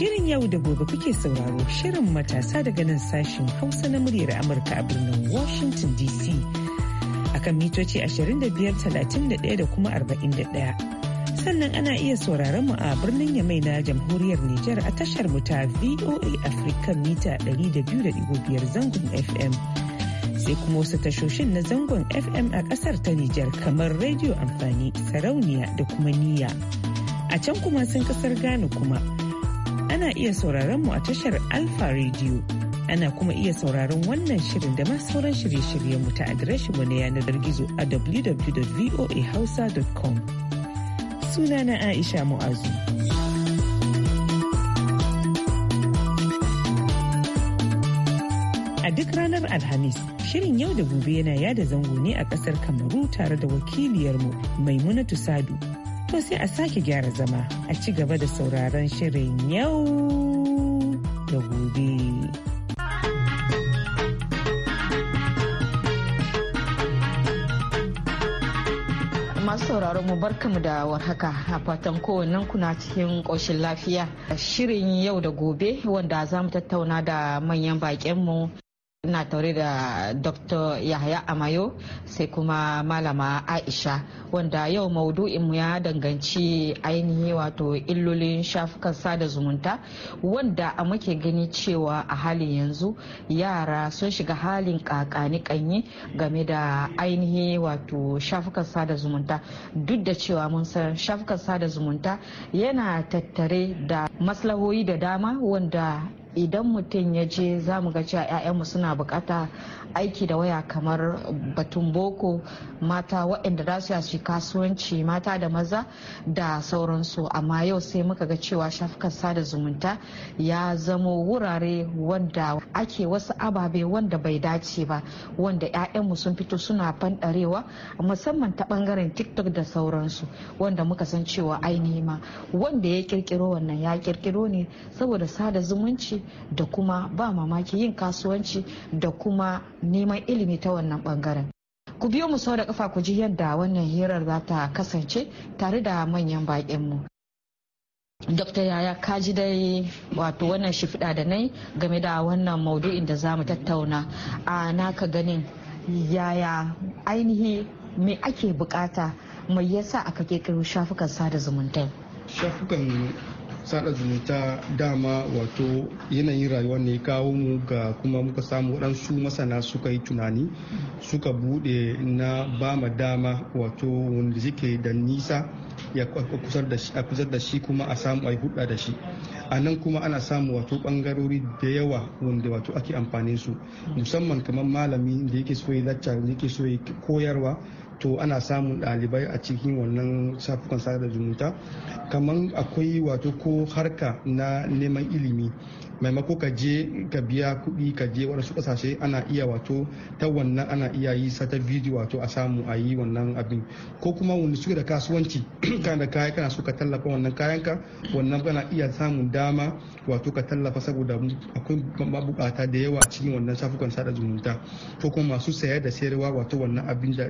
Shirin yau da gobe kuke sauraro shirin matasa daga nan sashen Hausa na muryar Amurka a birnin Washington DC. Akan mitoci 25,31 da kuma 41. Sannan ana iya sauraron mu a birnin Yamai na jamhuriyar Nijar a tashar mu ta VOA Africa mita 200.5 zangon FM. sai kuma wasu tashoshin na zangon FM a kasar ta Nijar kamar Radio Amfani, Sarauniya da kuma niya A can kuma sun kasar Ghana kuma ana iya sauraron mu a tashar Alfa Radio. Ana kuma iya sauraron wannan shirin da masu sauran shirye-shiryen mu ta adireshin mu na yanar gizo a www.voahausa.com. na Aisha Mu'azu. A duk ranar Alhamis, shirin yau da gobe yana yada zango ne a ƙasar Kamaru tare da wakiliyarmu Maimunatu Sadu. to sai a sake gyara zama a ci gaba da sauraron shirin yau da gobe. masu sauraron mu barkamu da warhaka a fatan kowannen kuna cikin ƙoshin lafiya shirin yau da gobe wanda za mu tattauna da manyan baƙinmu na tare da Dr. Yahaya Amayo sai kuma Malama Aisha wanda yau maudu'inmu ya danganci ainihi wato illolin shafukan sada zumunta wanda a muke gani cewa a halin yanzu yara sun shiga halin kakani kanyi game da ainihi wato shafukan sada zumunta duk da cewa mun san shafukan sada zumunta yana tattare da maslahoyi da dama wanda idan mutum ya je za mu ga cewa 'ya'yanmu suna bukata aiki da waya kamar batun boko mata waɗanda za su yi kasuwanci mata da maza da sauransu amma yau sai muka ga cewa shafukan sada zumunta ya zamo wurare wanda ake wasu ababe wanda bai dace ba wanda 'ya'yanmu sun fito suna fanɗarewa musamman ta ɓangaren tiktok da sauransu wanda muka san cewa ainihi ma wanda ya kirkiro wannan ya kirkiro ne saboda sada zumunci da kuma ba mamaki yin kasuwanci da kuma neman ilimi ta wannan bangaren ku biyo mu sau da kafa ku ji yadda wannan hirar za ta kasance tare da manyan mu. Dokta Yaya kaji dai wato wannan shifida da nai game da wannan maudu'in da za mu tattauna a naka ganin yaya ainihi me ake bukata mai yasa aka kirkiro shafukan sada zumunta shafukan sada zumunta dama wato yanayin rayuwa ne kawo mu ga kuma muka samu waɗansu masana suka yi tunani suka buɗe na ba dama wato wanda suke da nisa ya kusar da shi kuma a samu a yi hudda da shi a nan kuma ana samu wato bangarori da yawa wanda wato ake amfani su musamman kamar malami da yake so ya lacca da yake so ya koyarwa to ana samun ɗalibai a cikin wannan shafukan sada zumunta kamar akwai wato ko harka na neman ilimi maimako ka je ka biya kuɗi ka je waɗansu ƙasashe ana iya wato ta wannan ana iya yi sa ta bidiyo wato a samu a yi wannan abin ko kuma wani suke da kasuwanci kan da kayan kana so ka tallafa wannan kayanka wannan kana iya samun dama wato ka tallafa saboda akwai mabukata da yawa cikin wannan shafukan sada zumunta ko kuma masu saya da sayarwa wato wannan abin da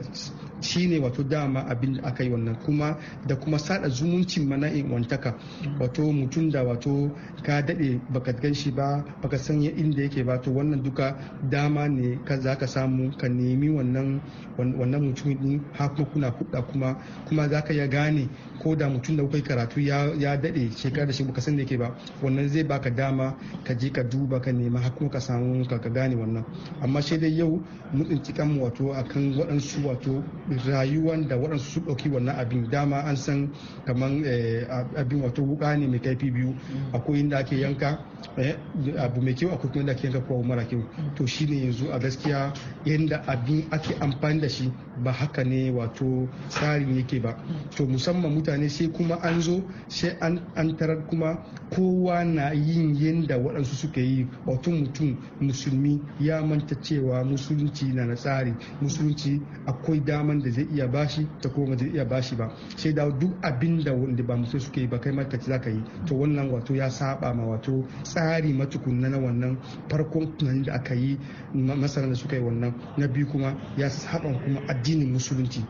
shine wato dama abin da aka yi wannan kuma da kuma sada zumuncin mana in wantaka wato mutum da wato ka daɗe baka gan shi ba baka san inda yake ba to wannan duka dama ne ka za ka samu ka nemi wannan wannan mutumin din kuma kuna hudda kuma kuma za ka ya gane ko da mutum da kuka karatu ya dade shekara da shi baka san da yake ba wannan zai baka dama ka je ka duba ka nema ha kuma ka samu ka gane wannan amma shi dai yau mun tsinci kanmu wato akan waɗansu wato rayuwan da waɗansu su ɗauki wannan abin dama an san kamar eh, abin wato wuka ne mai kaifi biyu mm. akwai inda ake yanka eh, abu mai kyau akwai kuma da ake yanka kowa mara kyau to shine yanzu a gaskiya yadda abin ake amfani da shi ba haka ne wato tsarin yake ba to musamman mutane sai kuma an zo sai an tarar kuma kowa na yin yadda waɗansu suka yi wato mutum musulmi ya manta cewa musulunci na na tsari musulunci akwai daman da zai iya bashi ta kuma zai iya bashi ba sai da duk abin da wanda ba musulunci suka yi ba kai ma ci za ka yi to wannan wato ya saba ma wato tsari tsari matukunna na wannan farkon tunanin da aka yi masana da suka yi wannan na biyu kuma ya haɓan kuma addinin musulunci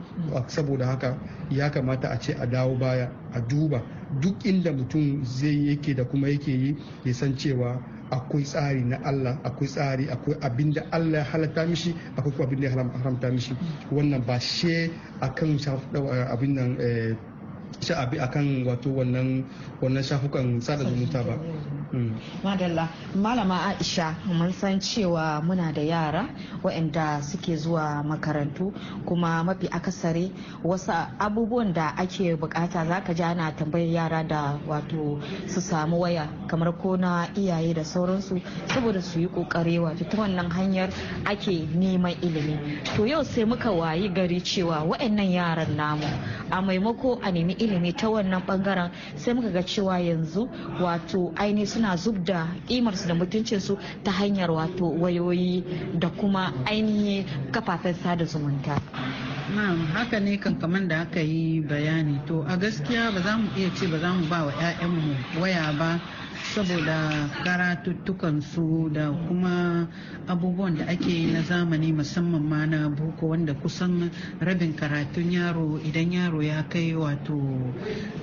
saboda haka ya kamata a ce a dawo baya a duba duk inda mutum zai yake da kuma yake yi ya san cewa akwai tsari na Allah akwai tsari akwai abin da Allah ya halatta mishi akwai kuma abin da ya haramta mishi wannan ba she akan abin nan eh, sha'abi kan wato wannan shafukan sada zumunta ba mm. madalla malama aisha mun san cewa muna da yara waɗanda suke zuwa makarantu kuma mafi akasare wasu abubuwan da ake bukata zaka ji ana tambayar yara da wato su samu waya kamar ko na iyaye da sauransu saboda su yi kokare wato ta wannan hanyar ake neman ilimi to yau sai muka wayi gari cewa waɗannan yaran namu a maimako a nemi ilimi ta wannan bangaren sai muka ga cewa yanzu wato aini suna zub da kimarsu da mutuncinsu ta hanyar wato wayoyi da kuma ainihin kafafen sada zumunta ma'am haka ne kan da aka yi bayani to a gaskiya ba za mu iya ce ba za mu ba wa 'ya'yanmu waya ba saboda karatuttukan su da kuma abubuwan da ake yi na zamani musamman ma na boko wanda kusan rabin karatun yaro idan yaro ya kai wato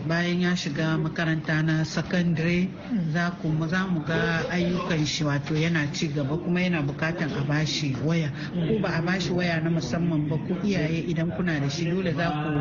bayan ya shiga makaranta na sakandare za mu ga ayyukan shi wato yana ci gaba kuma yana bukatan a bashi waya ko ba a bashi waya na musamman ba ku iyaye idan kuna da shi dole za ku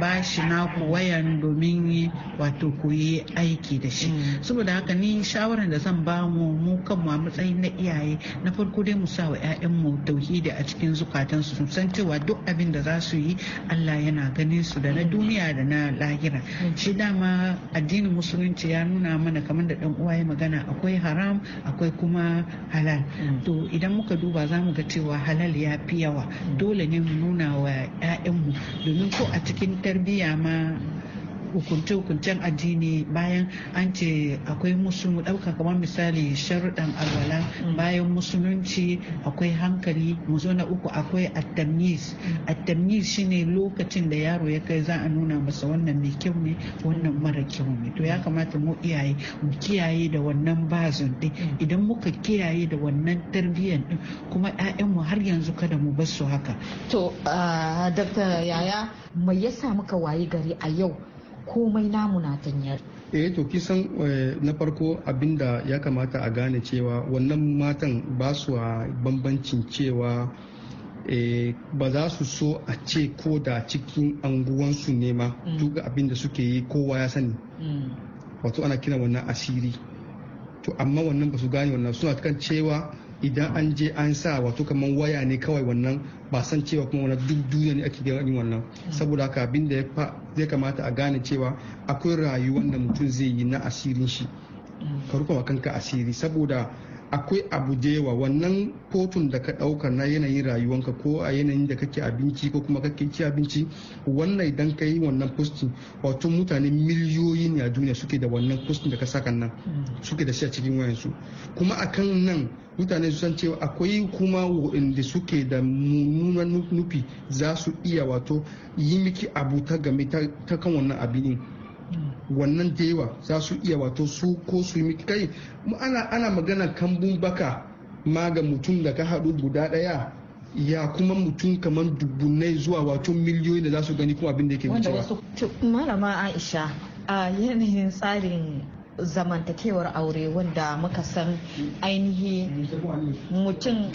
bashi naku wayan domin wato ku yi aiki da shi mm. saboda haka ni shawaran da zan ba mu mu kanmu a matsayin na iyaye na farko dai mu sa wa 'ya'yanmu tauhidi a cikin zukatansu su san cewa duk abin da za su yi Allah yana ganin su da na duniya da na lahira shi dama addinin musulunci ya nuna mana kamar da dan uwa ya magana akwai haram akwai kuma halal to idan muka duba za mu ga cewa halal ya fi yawa dole ne mu nuna wa 'ya'yanmu domin ko a cikin tarbiyya ma hukunce-hukuncen addini bayan an ce akwai musulmi ɗauka kamar misali sharuɗan alwala mm. bayan musulunci akwai hankali mu na uku akwai attamis mm. attamis shine lokacin da yaro ya kai za a nuna masa wannan mai kyau ne wannan mara kyau ne to ya mm. kamata mu iyaye mu kiyaye da wannan bazin din idan muka kiyaye da wannan tarbiyyan din kuma mu har yanzu kada mu bar su haka to ah, dr yaya mai yasa muka wayi gari a yau komai namu na tanyar eh to kisan eh, na farko abinda ya kamata a gane cewa wannan matan ba su a bambancin cewa eh, ba za su so a ce ko da cikin anguwansu ne ma mm. duk abinda suke yi kowa ya sani mm. wato ana kira wannan asiri to amma wannan ba su gane wannan suna kan cewa idan an je an sa wato kamar waya ne kawai wannan ba san cewa kuma wani duk duniya ne ake gani wannan saboda haka abin da zai kamata a gane cewa akwai rayuwar da mutum zai yi na asirin shi ka rufe wa kanka asiri saboda akwai abu da yawa wannan kotun da ka ɗauka na yanayin rayuwanka ko a yanayin da kake abinci ko kuma kake ci abinci wannan idan ka yi wannan postin wato mutane miliyoyi ne a duniya suke da wannan postin da ka saka nan suke da shi a cikin wayansu kuma akan nan mutane su san cewa akwai kuma waɗanda suke da mummunan nufi za su iya wato yi miki abu ta game ta kan wannan abinin wannan da yawa za su iya wato su ko su yi kai ana magana kambun baka ma ga mutum da ka haɗu guda ɗaya ya kuma mutum kamar dubunai zuwa wato miliyoyi da za su gani kuma abin da yake wucewa. malama aisha a yanayin tsarin zamantakewar aure wanda muka san ainihi mutum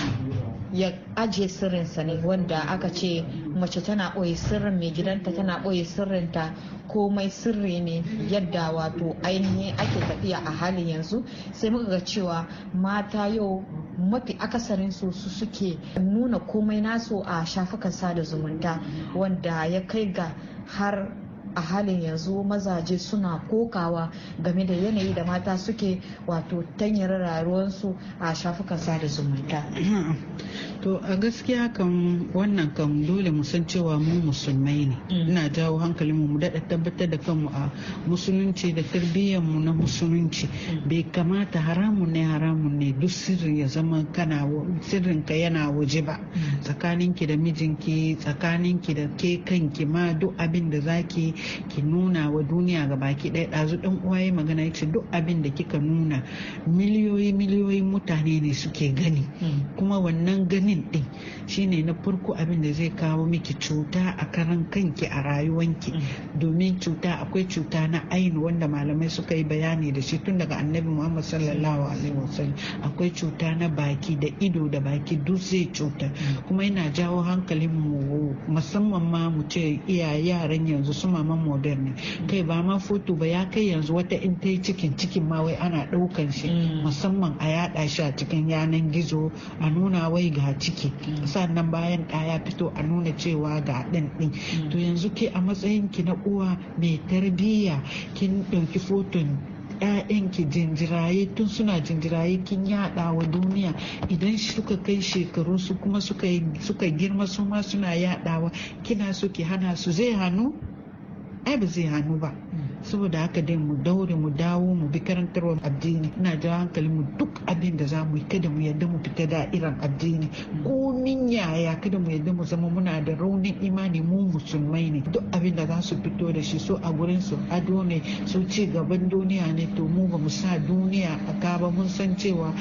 ya ajiye sirrinsa ne wanda aka ce mace tana ɓoye sirrin mai gidanta tana ɓoye sirrinta komai sirri ne yadda wato ainihi ake tafiya a halin yanzu sai muka ga cewa mata yau mafi akasarin su su suke nuna komai nasu a shafukan sada zumunta wanda ya kai ga har a halin yanzu mazaje suna kokawa game da yanayi da mata suke wato tanyar rayuwarsu a shafukan sada zumunta to a gaskiya kan wannan kan dole mu san cewa mu musulmai ne mm. ina jawo hankalin mu daɗa tabbatar da kanmu a musulunci da tarbiyyar mu na musulunci mm. bai kamata haramun ne haramun ne duk sirrin ya zama kana sirrin ka yana waje ba mm. tsakaninki da mijinki tsakaninki da ke kanki ma duk abin da zaki ki nuna wa duniya ga baki ɗaya ɗazu ɗan uwaye magana ya ce duk abin da kika nuna miliyoyi miliyoyi mutane ne suke gani hmm. kuma wannan ganin din shine na farko abin da zai kawo miki cuta a karan kanki a rayuwanki hmm. domin cuta akwai cuta na ainu wanda malamai suka yi bayani da shi tun daga annabi muhammad sallallahu alaihi wasallam akwai cuta na baki da ido da baki duk zai cuta hmm. kuma yana jawo hankalin mu musamman ma mu ce iya yaran yanzu su maman modern kai ba ma foto ba ya kai yanzu wata in ta yi cikin cikin ma wai ana ɗaukan shi musamman a yaɗa shi a cikin yanan gizo a nuna wai ga ciki mm. sannan bayan ɗaya fito a nuna cewa ga ɗin ɗin mm. to yanzu ke a matsayin ki na uwa mai tarbiyya kin ɗauki foton ki jinjiraye tun suna jinjiraye kin yada wa duniya idan suka kai shekaru su kuma suka girma su ma suna yaɗawa kina so ki hana su zai hannu ai ba zai hannu ba mm. saboda haka dai mu daure mu dawo mu bi karantarwar addini ina jawo hankali mu duk abin da za mu yi kada mu yadda mu fita irin addini komin yaya kada mu yadda mu zama muna da raunin imani mu musulmai ne duk abin da za su fito da shi so a gurin su ado ne su ci gaban duniya ne to mu ba mu sa duniya a gaba mun san cewa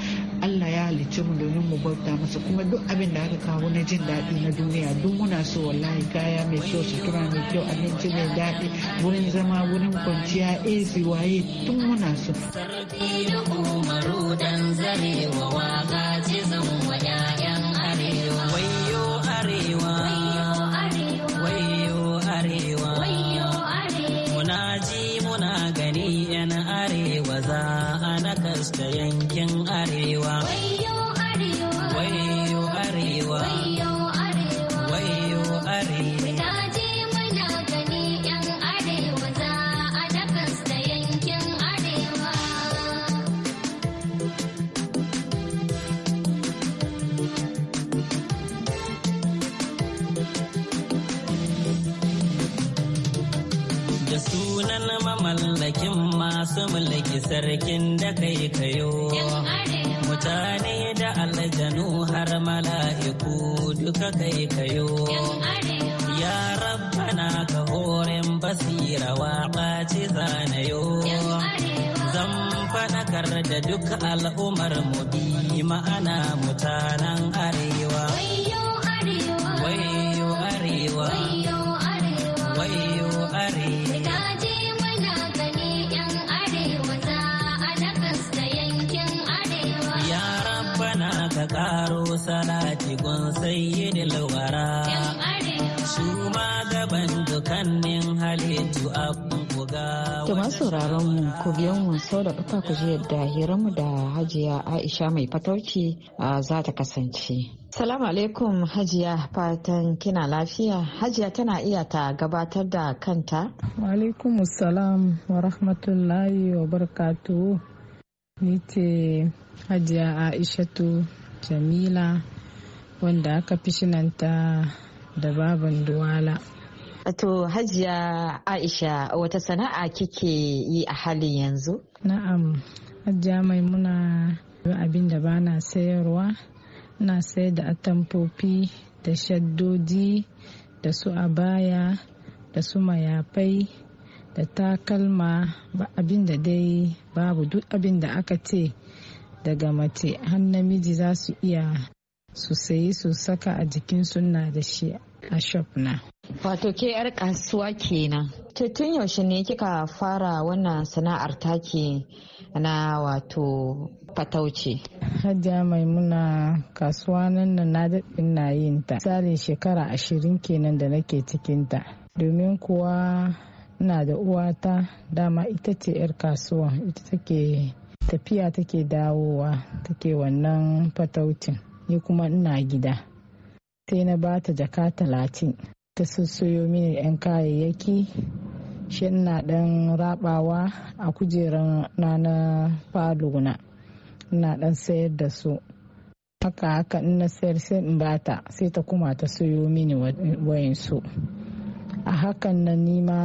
Allah ya halicci mu domin mu bauta masa kuma duk abin da aka kawo na jin daɗi na duniya duk muna so wallahi kaya mai kyau sutura mai kyau abinci mai daɗi wurin zama wurin kwa kwanciya ac waye tun muna so. Sarki da umaru dan zarewa waka zan wa 'ya'ya. su mulki sarkin da kai kayo mutane da aljanu har mala'iku duka kai kayo ya rabbana ka horin basira wa ɓaci zanayo zan faɗakar da duk al'ummar mu bi ma'ana mutanen arewa jigon sayyidin lawara su ma gaban dukannin halittu a to masu sauraron mu ku biyan mu sau da kafa ku ji yadda hiramu da hajiya aisha mai fatauci za ta kasance Salamu alaikum hajiya fatan kina lafiya hajiya tana iya ta gabatar da kanta wa alaikum salam wa rahmatullahi wa barkatu ni ce hajiya aishatu jamila wanda aka fi shinanta da baban duwala. To hajiya Aisha wata sana'a kike yi a halin yanzu? Na'am, hajiya maimuna abin da ba na sayarwa, na sayar da atamfofi da shaddodi da su a baya da su mayafai da takalma abin da dai babu duk abin da aka ce daga mace har namiji za su iya su sayi su saka a jikin suna da shi a shop na. Wato ke 'yar kasuwa kenan. tun yaushe ne kika fara wannan sana'ar take na wato fatauci. Hajja maimuna kasuwa nan na daɗin na yin ta. Tsarin shekara ashirin kenan da nake cikinta. Domin kuwa na da uwata dama ita ce 'yar kasuwa ita take tafiya take dawowa take wannan fataucin. ni kuma ina gida sai na ba ta jaka talatin ta sussuyo mini 'yan kayayyaki shi ina ɗan rabawa a kujeran na na falona ina ɗan sayar da su haka haka in sayar sai in bata sai ta kuma ta soyo mini wayansu a hakan na nima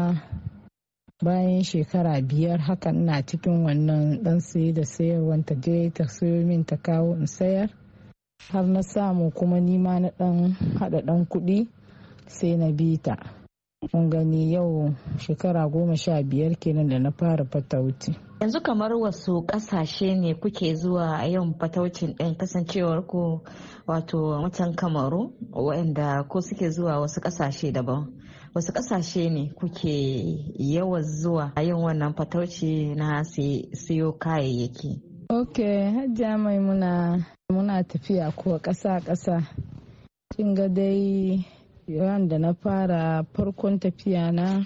bayan shekara biyar haka ina cikin wannan dan saye da sayarwanta ta je ta sayo min ta kawo in sayar har na samu kuma nima na dan hada dan kudi sai na bi ta mun gani yau shekara goma sha biyar kenan da na fara fatauti yanzu kamar wasu kasashe ne kuke zuwa yin fataucin ɗin kasancewar ku wato mutan kamaru waɗanda ko suke zuwa wasu kasashe daban wasu kasashe ne kuke yawan zuwa a yin wannan fatauci na siyo kayayyaki Ok, hajja mai muna muna tafiya ko ƙasa ƙasa. Kin ga dai yawan da na fara farkon tafiya na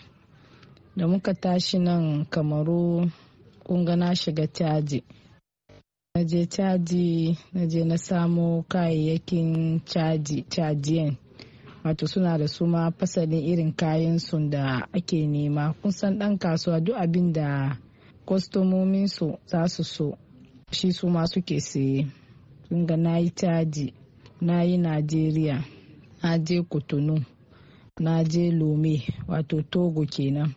da muka tashi nan kamaru kunga na shiga caji. Na je caji, na je na samo kayayyakin caji, cajiyan. wato suna da su ma fasalin irin kayan su da ake nema kun san dan kasuwa duk abin da kwastomomin su za su so shi su ma suke saye ga na yi caji na yi najeriya na je kotonu na je lome wato togo kenan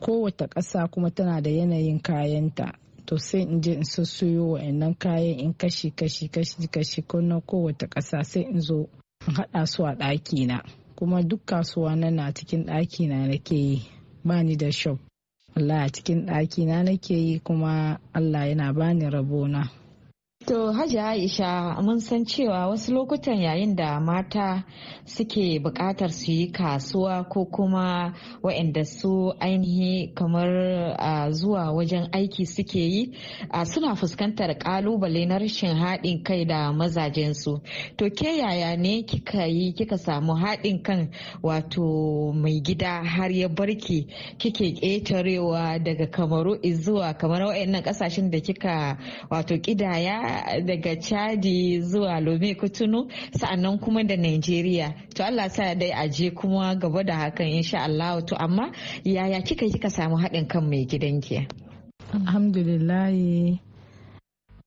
kowace ƙasa kuma tana da yanayin kayanta to sai in je in sassoyo wa'annan kayan in kashi kashi kashi kashi na kowata ƙasa sai in zo in haɗa su a ɗakina kuma duk kasuwa na na cikin na nake yi ba ni da shop Allah a cikin ɗakina nake yi kuma Allah yana bani rabona. To Hajja Aisha mun san cewa wasu lokutan yayin da mata suke bukatar su yi kasuwa ko kuma waɗanda su ainihi kamar zuwa wajen aiki suke yi uh, suna fuskantar kalubale na rashin haɗin kai da mazajensu. To ke yaya ne kika yi kika samu haɗin kan wato mai gida har ya barki kike ƙetarewa daga kamaru zuwa kamar waɗannan ƙasashen da kika wato ƙidaya daga chadi zuwa lome kutunu sa'annan kuma da nigeria to allah sa dai aje kuma gaba da hakan insha allah to amma yaya kika yi kika samu haɗin kan mai gidanki alhamdulillahi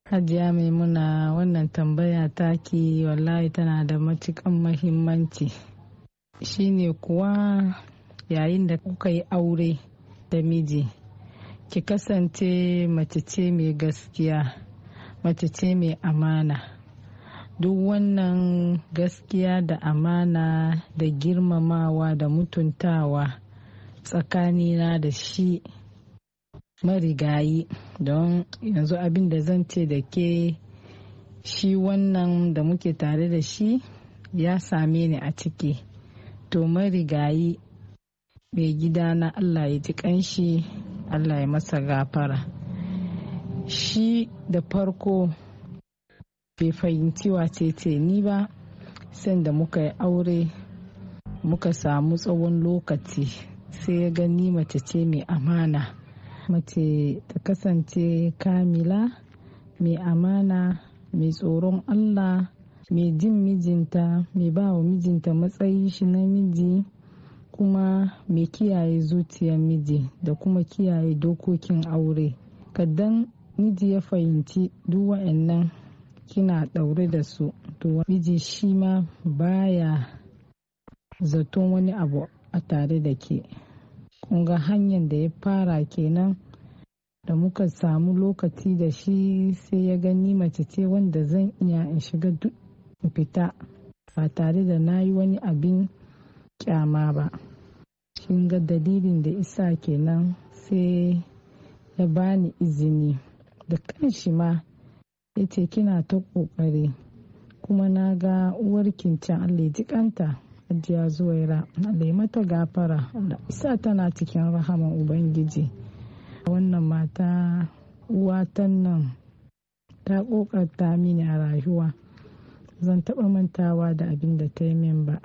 hajiya maimuna wannan tambaya taki wallahi tana da matukan mahimmanci shine kuwa yayin da kuka yi aure da miji ki kasance mace ce mai gaskiya mace ce mai amana duk wannan gaskiya da amana da girmamawa da mutuntawa tsakanina da shi marigayi don yanzu abin da zan ce da ke shi wannan da muke tare da shi ya same ni a ciki to marigayi mai gida na allah ya ji kanshi allah ya masa gafara shi da farko bai fahimci wacece ni ba sanda muka yi aure muka samu tsawon lokaci sai ya gani mace ce mai amana mace ta kasance kamila mai amana mai tsoron allah mai jin mijinta mai ba wa mijinta matsayi shi na miji kuma mai kiyaye zuciyar miji da kuma kiyaye dokokin aure kadan miji ya fahimci duk wa'annan kina ɗaure da su to miji shi ma baya zaton wani abu a tare da ke kunga hanyar da ya fara kenan da muka samu lokaci da shi sai ya gani mace ce wanda zan iya in shiga duk fita ba tare da na yi wani abin kyama ba kin ga dalilin da isa kenan sai ya bani izini da kanshi ma ya ce kina ta kokari kuma na ga uwar can allai ji kanta zuwaira ya mata gafara isa tana cikin rahaman ubangiji wannan mata uwatan nan ta kokarta mini a rayuwa zan taɓa mantawa da abin da ta yi min ba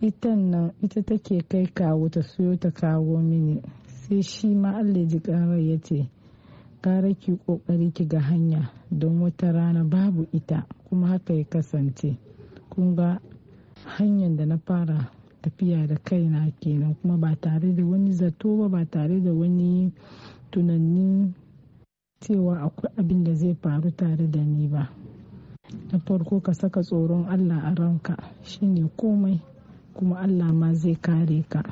ita nan ita take kai kawo ta siyo ta kawo mini sai shi ma allai ji rai ya ce gara ki kokari ki ga hanya don wata rana babu ita kuma haka ya kasance kun ga hanyar da na fara tafiya da kaina kenan kuma ba tare da wani zato ba ba tare da wani tunani cewa akwai abin da zai faru tare da ni ba na farko ka saka tsoron allah a ranka shine komai kuma allah ma zai kare ka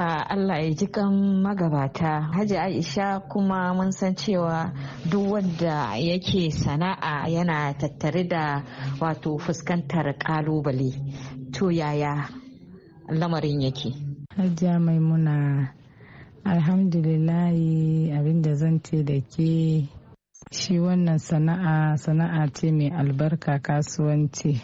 Allah ya ji kan magabata Hajji Aisha kuma mun san cewa duk wanda yake sana'a yana tattare da wato fuskantar kalubale to yaya lamarin yake Hajiya Maimuna alhamdulillahi abinda zan ce da ke shi wannan sana'a sana'a ce mai albarka kasuwanci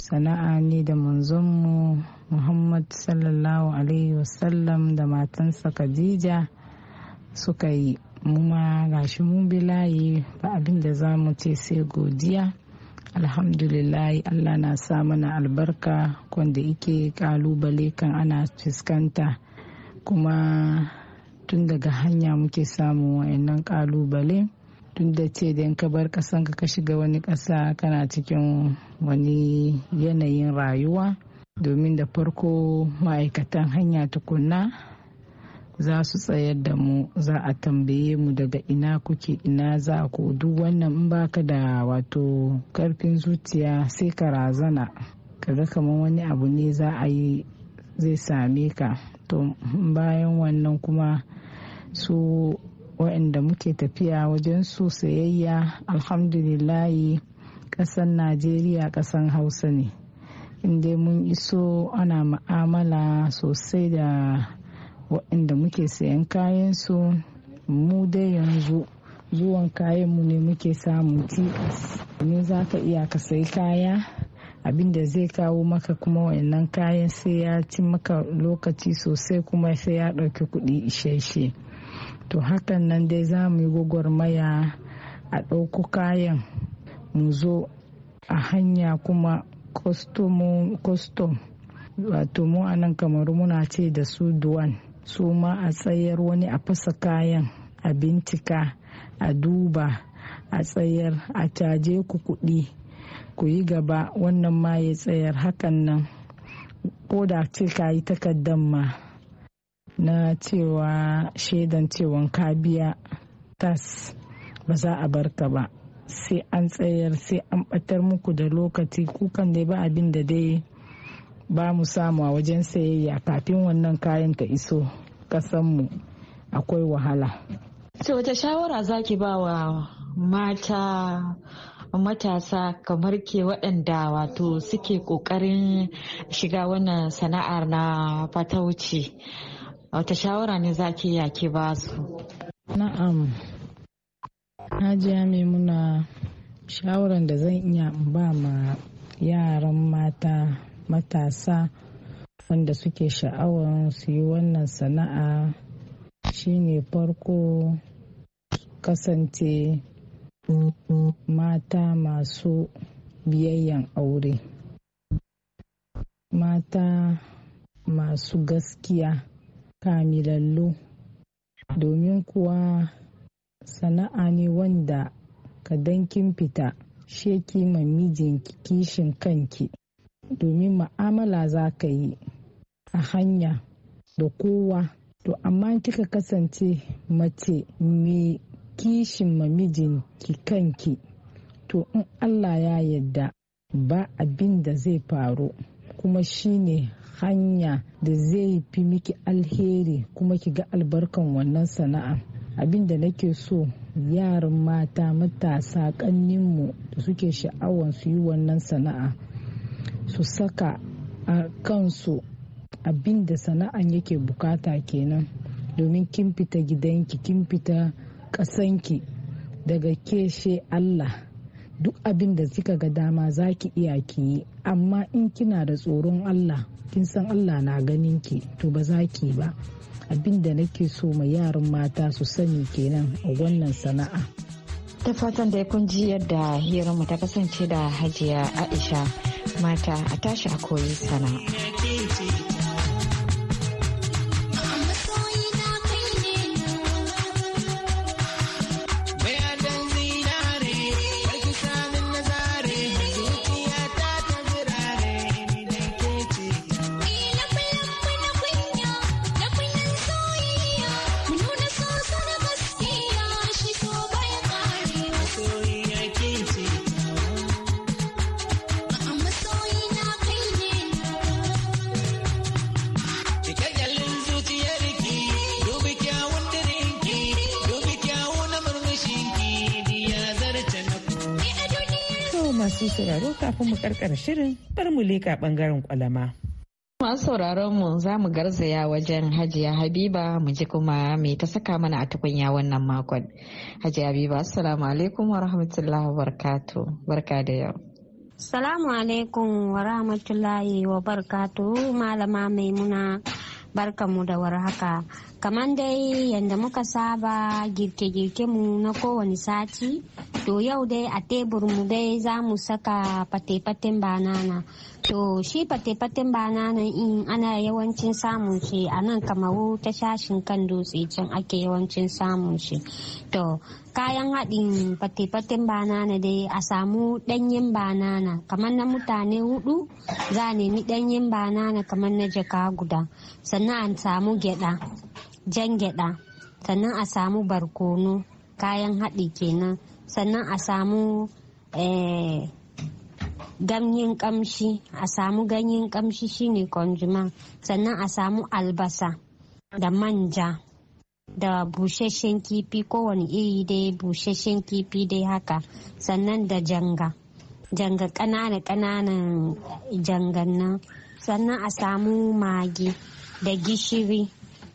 sana'a ne da manzonmu muhammad sallallahu alaihi wasallam da matansa khadija suka yi muma gashi mun bi layi ba abin da za mu ce sai godiya alhamdulillahi allah na sa mana albarka kwanda ike kalubale kan ana fuskanta kuma tun daga hanya muke samun wa'annan kalubale tun da ce da ka bar kasan ka shiga wani kasa kana cikin wani yanayin rayuwa domin da farko ma'aikatan hanya tukunna za su tsayar da mu za a tambaye mu daga ina kuke ina za ku duk wannan in baka da wato karfin zuciya sai ka razana ka ga kamar wani abu ne za a yi zai same ka to bayan wannan kuma su waɗanda muke tafiya wajen su sayayya alhamdulillahi ƙasan najeriya ƙasan hausa ne inda mun iso ana ma'amala sosai da waɗanda muke sayan kayan su mu dai yanzu zuwan kayan mu ne muke samu ts domin za ka iya ka sayi kaya abin da zai kawo maka kuma wannan kayan sai ya ci maka lokaci sosai kuma sai ya ɗauki kuɗi isheshe to hakan nan dai za mu yi gwagwarmaya a ɗauko kayan mu zo a hanya kuma custom wato mu a nan kamaru muna ce da su duwan su ma a tsayar wani a fasa kayan a bincika a duba a tsayar a caje ku kuɗi ku yi gaba wannan ma ya tsayar hakan nan ko da ce ka yi takaddan ma na cewa shaidan cewan ka biya tas ba za a barka ba sai an tsayar sai an batar muku da lokaci kukan dai ba abin da dai ba mu samu a wajen sayayya kafin wannan kayan ka iso kasanmu akwai wahala. to wata shawara zaki ba wa mata matasa kamar ke waɗanda wato suke ƙoƙarin shiga wannan sana'ar na fatauci wata shawara ne zaki yake ba su na'am Hajiya muna shawaran da zan iya ba ma yaran mata matasa wanda suke sha'awar su yi wannan sana'a shine farko kasance mata masu biyayyan aure mata masu gaskiya kamilallu domin kuwa sana'a ne wanda ka dan kin fita sheki ma mijinki kishin kanki domin ma'amala za ka yi a hanya da kowa to amma kika kasance mace mai kishin ki kanki to in allah ya yadda ba abin da zai faru kuma shine hanya da zai fi miki alheri kuma ki ga albarkan wannan sana'a abin da nake so yaran mata matasa kanninmu da suke sha'awar su yi wannan sana'a su saka a kansu abin da sana'an yake bukata kenan domin kin fita gidanki kin fita kasanki daga keshe allah duk abin da suka ga dama za ki iya ki yi amma in kina da tsoron allah kin san allah na ganin ki to ba za ki ba abinda nake so ma yaran mata su sani kenan a wannan sana'a ta fatan da kun ji yadda hiranmu ta kasance da hajiya aisha mata a tashi a koyi sana'a kafin mu karkara shirin bar mu leka bangaren kwalama. Masu sauraron mu za mu garzaya wajen Hajiya Habiba mu ji kuma me ta saka mana a tukunya wannan makon. Hajiya Habiba assalamu alaikum wa rahmatullahi wa barkatu. Barka da yau. Assalamu alaikum wa rahmatullahi wa barkatu malama maimuna. Barka barkanmu da warhaka kamar dai yadda muka saba girke-girke mu na kowane sati to yau dai a tebur dai za mu saka fate-faten banana to shi fate-faten banana in ana yawancin samun shi a nan kamaru ta shashin kan dutse can ake yawancin samun shi to kayan haɗin fate-faten banana dai a samu ɗanyen banana kamar na mutane hudu za a nemi ɗanyen banana kamar na jaka guda sannan a samu gyaɗa jan gyaɗa sannan a samu barkono kayan haɗi kenan sannan a samu eh, ganyen kamshi a samu ganyen kamshi shine konjuma sannan a samu albasa da manja da busheshen kifi kowane iri dai busheshen kifi dai haka sannan da janga janga ƙananan jangan nan sannan a samu magi da gishiri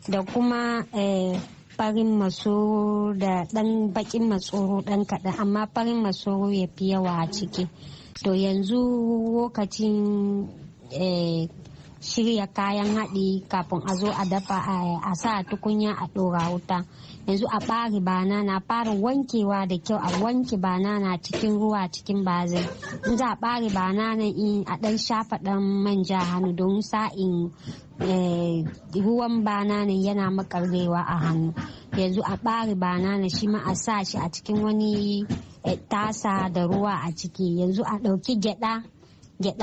da kuma eh, farin masoro da dan bakin masoro dan kaɗan amma farin masoro ya fi yawa a ciki to yanzu lokacin eh, shirya kayan haɗi kafin a zo a dafa a sa tukunya a ɗora wuta yanzu a ɓare banana fara wankewa da kyau a wanke banana cikin ruwa cikin bazai in za a ɓare banana in a ɗan shafa ɗan manja hannu don sa'in eh, ruwan banana yana makarrewa a hannu yanzu a ɓare banana shi ma a sa shi a cikin wani eh, tasa da ruwa a ciki yanzu a ɗauki gyaɗa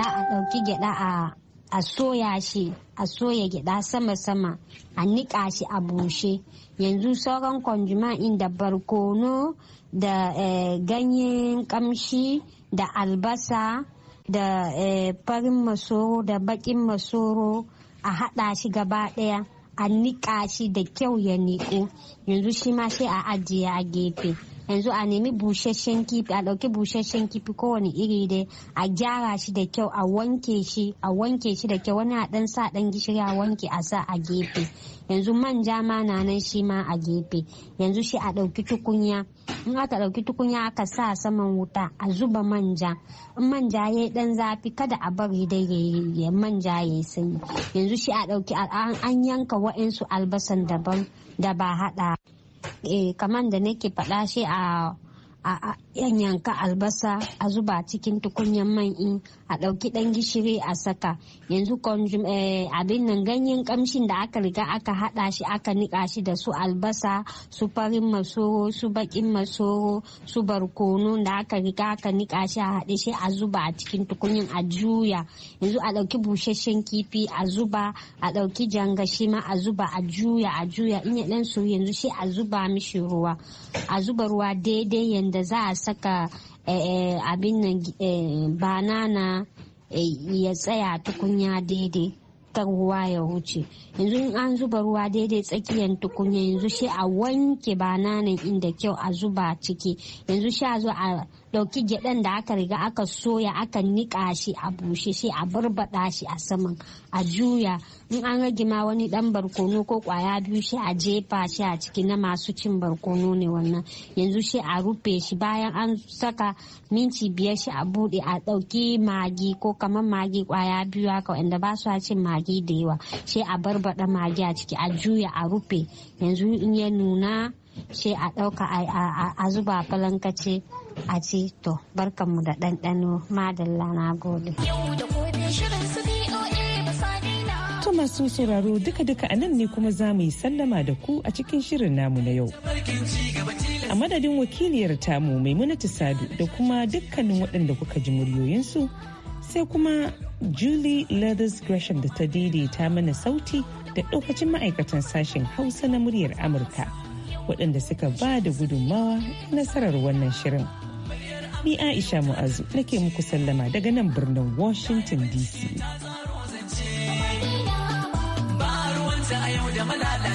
a ɗauki gyaɗa a a soya shi a soya gyada sama-sama a niƙa shi a bushe yanzu sauran kwanjuma'in inda barkono da eh, ganyen kamshi da albasa da eh, farin masoro da bakin masoro a haɗa shi gaba ɗaya a niƙa shi da kyau ya niƙo yanzu shi ma sai a ajiye a gefe yanzu a nemi busasshen kifi a ɗauki busasshen kifi kowane iri dai a gyara shi da kyau a wanke shi a wanke shi da kyau wani a ɗan sa ɗan gishiri a wanke a sa a gefe yanzu manja ma na nan shi ma a gefe yanzu shi a ɗauki tukunya in aka ɗauki tukunya aka sa saman wuta a zuba manja in manja ya ɗan zafi kada a bari dai ya manja ya yi sanyi yanzu shi a ɗauki an yanka wa'insu albasan daban da ba haɗa eh kaman da nake faɗa shi a a yanyanka albasa a zuba cikin tukunyan man in a ɗauki ɗan gishiri a saka yanzu eh, abin nan ganyen kamshin da aka riga aka haɗa shi aka niƙa shi da su albasa su farin masoro su bakin masoro su barkono da aka riga aka niƙa shi a haɗe shi a zuba a cikin tukunyan a juya yanzu a ɗauki busasshen kifi a zuba a ɗauki janga shi ma a zuba a juya a juya in ya ɗan su yanzu shi a zuba mishi ruwa a zuba ruwa daidai yanzu Da za a saka eh, eh, abin nan eh, banana ya tsaya tukunya daidai ta ruwa ya wuce yanzu an zuba ruwa daidai tsakiyar tukunya yanzu sai a wanke bananan inda kyau a zuba ciki yanzu sai a zo a dauki gyaɗan da aka riga aka soya aka niƙa shi a bushe shi a barbaɗa shi a saman a juya in an rage ma wani dan barkono ko kwaya biyu shi a jefa shi a ciki na masu cin barkono ne wannan yanzu shi a rufe shi bayan an saka minti biyar shi a bude a dauki magi ko kamar magi kwaya biyu haka wanda ba su cin magi da yawa shi a barbada magi a ciki a juya a rufe yanzu in ya nuna shi a dauka a zuba falankace a ce to barkanmu da ɗanɗano madalla na gode. masu sauraro duka-duka a nan ne kuma za mu yi sallama da ku a cikin shirin namu na yau. A madadin wakiliyar tamu Maimunatu Sadu da kuma dukkanin waɗanda kuka ji muryoyinsu sai kuma Julie Leathers Gresham da ta daidaita mana sauti da ɗaukacin ma'aikatan sashen Hausa na muryar Amurka waɗanda suka ba da gudunmawa nasarar wannan shirin. Ni Aisha Mu'azu nake muku sallama daga nan birnin Washington DC. a yau da malala